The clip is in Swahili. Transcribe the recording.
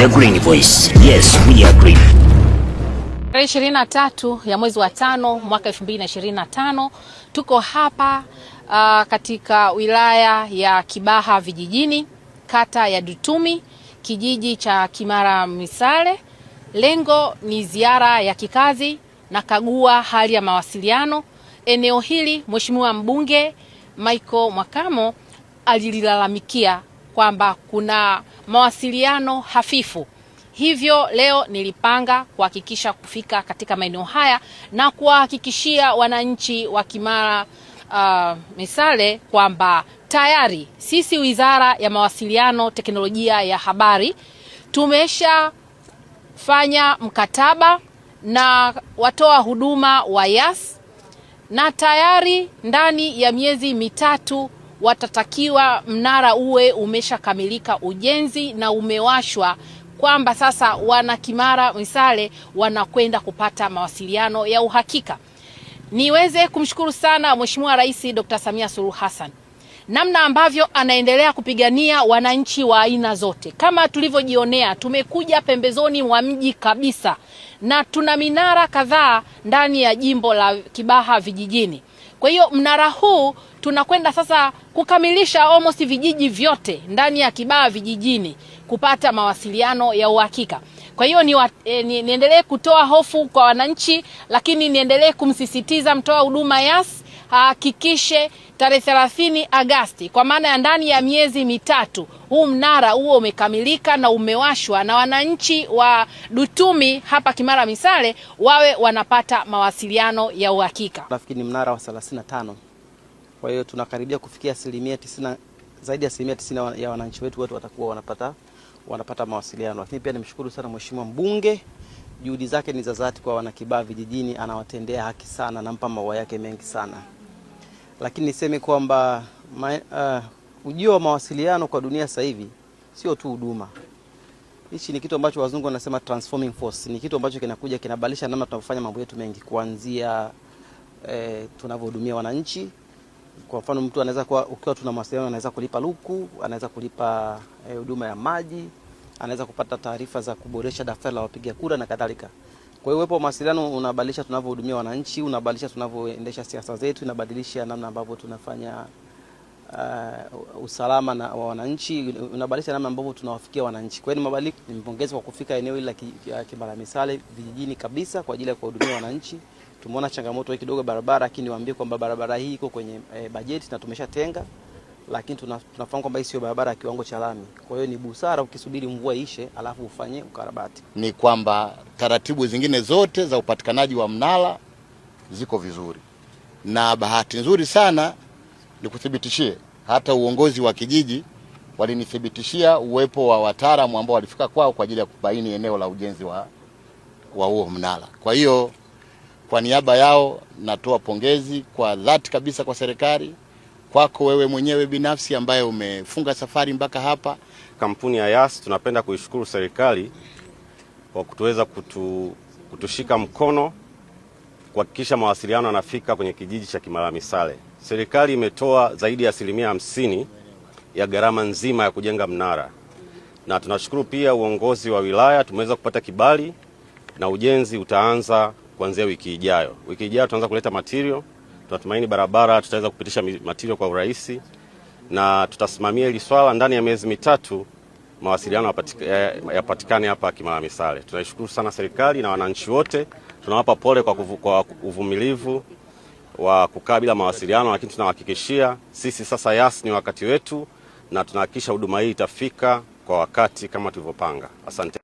The Green Voice. Yes, we green. Tarehe ishirini na tatu ya mwezi wa tano mwaka elfu mbili na ishirini na tano tuko hapa uh, katika wilaya ya Kibaha vijijini kata ya Dutumi kijiji cha Kimara Misale. Lengo ni ziara ya kikazi na kagua hali ya mawasiliano eneo hili. Mheshimiwa mbunge Michael Mwakamo alililalamikia kwamba kuna mawasiliano hafifu. Hivyo leo nilipanga kuhakikisha kufika katika maeneo haya na kuwahakikishia wananchi wa Kimara uh, Misale kwamba tayari sisi Wizara ya Mawasiliano, Teknolojia ya Habari tumeshafanya mkataba na watoa huduma wa Yas na tayari ndani ya miezi mitatu watatakiwa mnara uwe umeshakamilika ujenzi na umewashwa kwamba sasa wana Kimara Misale wanakwenda kupata mawasiliano ya uhakika. Niweze kumshukuru sana Mheshimiwa Rais Dr. Samia Suluhu Hassan namna ambavyo anaendelea kupigania wananchi wa aina zote. Kama tulivyojionea, tumekuja pembezoni mwa mji kabisa na tuna minara kadhaa ndani ya jimbo la Kibaha vijijini. Kwa hiyo mnara huu tunakwenda sasa kukamilisha almost vijiji vyote ndani ya Kibaha vijijini kupata mawasiliano ya uhakika. Kwa hiyo ni e, ni, niendelee kutoa hofu kwa wananchi, lakini niendelee kumsisitiza mtoa huduma Yas ahakikishe tarehe 30 Agasti, kwa maana ya ndani ya miezi mitatu, huu mnara huo umekamilika na umewashwa na wananchi wa Dutumi hapa Kimara Misale wawe wanapata mawasiliano ya uhakika. Nafikiri ni mnara wa 35 kwa hiyo tunakaribia kufikia asilimia 90, zaidi ya asilimia 90 ya wananchi wetu wote watakuwa wanapata, wanapata mawasiliano. Lakini pia nimshukuru sana mheshimiwa mbunge, juhudi zake ni za dhati kwa wanakibaa vijijini, anawatendea haki sana, nampa maua yake mengi sana lakini niseme kwamba uh, ujio wa mawasiliano kwa dunia sasa hivi sio tu huduma. Hichi ni kitu ambacho wazungu wanasema transforming force, ni kitu ambacho kinakuja kinabadilisha namna tunavyofanya mambo yetu mengi, kuanzia eh, tunavyohudumia wananchi. Kwa mfano mtu anaweza kuwa ukiwa tuna mawasiliano, anaweza kulipa luku, anaweza kulipa eh, huduma eh, ya maji, anaweza kupata taarifa za kuboresha daftari la wapiga kura na kadhalika. Kwa hiyo uwepo wa mawasiliano unabadilisha tunavyohudumia wananchi, unabadilisha tunavyoendesha siasa zetu, inabadilisha namna ambavyo tunafanya uh, usalama na wa wananchi, unabadilisha namna ambavyo tunawafikia wananchi. Kwa hiyo ni mabadiliko. Nimpongeze kwa kufika eneo hili la Misale vijijini kabisa kwa ajili ya kuwahudumia wananchi. Tumeona changamoto hii kidogo barabara, lakini niwaambie kwamba barabara hii iko kwenye eh, bajeti na tumeshatenga lakini tunafahamu kwamba hii sio barabara ya kiwango cha lami. Kwa hiyo ni busara ukisubiri mvua ishe, alafu ufanye ukarabati. Ni kwamba taratibu zingine zote za upatikanaji wa mnara ziko vizuri, na bahati nzuri sana nikuthibitishie, hata uongozi wa kijiji walinithibitishia uwepo wa wataalamu ambao walifika kwao kwa ajili ya kubaini eneo la ujenzi wa wa huo mnara. Kwa hiyo kwa niaba yao natoa pongezi kwa dhati kabisa kwa serikali kwako wewe mwenyewe binafsi ambaye umefunga safari mpaka hapa. Kampuni ya Yas tunapenda kuishukuru serikali kwa kutuweza kutu, kutushika mkono kuhakikisha mawasiliano yanafika kwenye kijiji cha kimaramisale Serikali imetoa zaidi ya asilimia hamsini ya gharama nzima ya kujenga mnara, na tunashukuru pia uongozi wa wilaya, tumeweza kupata kibali na ujenzi utaanza kuanzia wiki ijayo. Wiki ijayo tutaanza kuleta material Tunatumaini barabara tutaweza kupitisha matirio kwa urahisi, na tutasimamia hili swala ndani ya miezi mitatu mawasiliano yapatikane hapa Kimara Misale. Tunaishukuru sana serikali na wananchi wote, tunawapa pole kwa, kufu, kwa uvumilivu wa kukaa bila mawasiliano, lakini tunawahakikishia sisi sasa Yas ni wakati wetu, na tunahakikisha huduma hii itafika kwa wakati kama tulivyopanga. Asante.